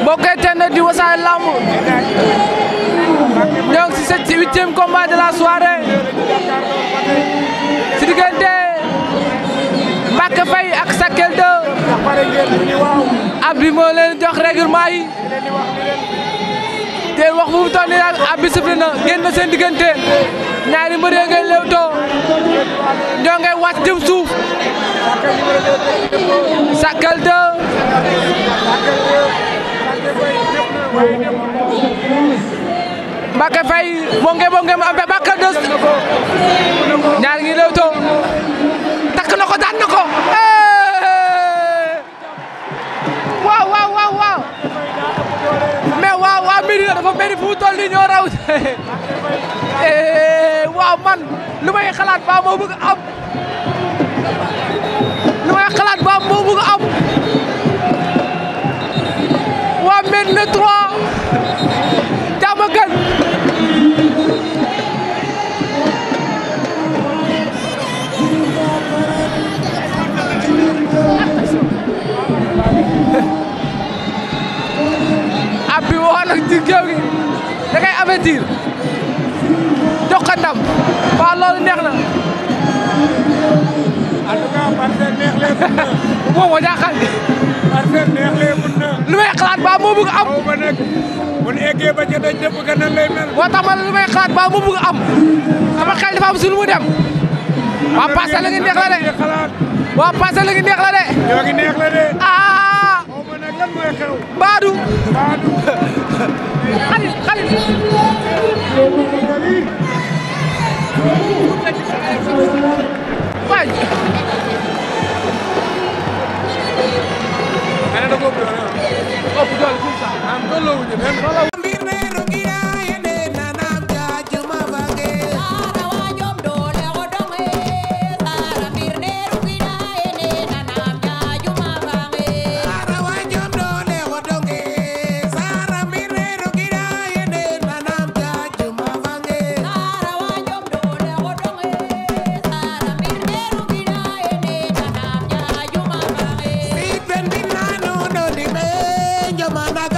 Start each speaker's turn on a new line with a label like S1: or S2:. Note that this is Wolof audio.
S1: mbokk internet di Wassare Lamb ñoo ngi ci sept huitième combat de la soirée ci diggante Mbacké Faye ak Sakel 2 ab bi jox règlement yi leen wax bu mu toll nii daal ab na génn na seen diggante ñaari mbër ya ngay lewtoo ñoo ngay wàcc jëm suuf Sakal 2 Mbacké Faye bonge bonge mu am Bakal 2 ñaar mu toll nii ñoo raw eh, waaw man lu may xalaat ba moo bëgg am lu may xalaat ba moo bëgg am waa mel na trois jàmm gan abi waxoon ak ci géew gi tiir jox ko ndam waaw loolu neex na. en moo jaaxal. parcelle neex xalaat ba moo bëgg am. xaw ma nag bu nu eggee ba ca xalaat ba moo bëgg am. sama xel dafa am suñu mu dem. waa parcelle la ngi neex la de. Ah! waa Hello. Amanda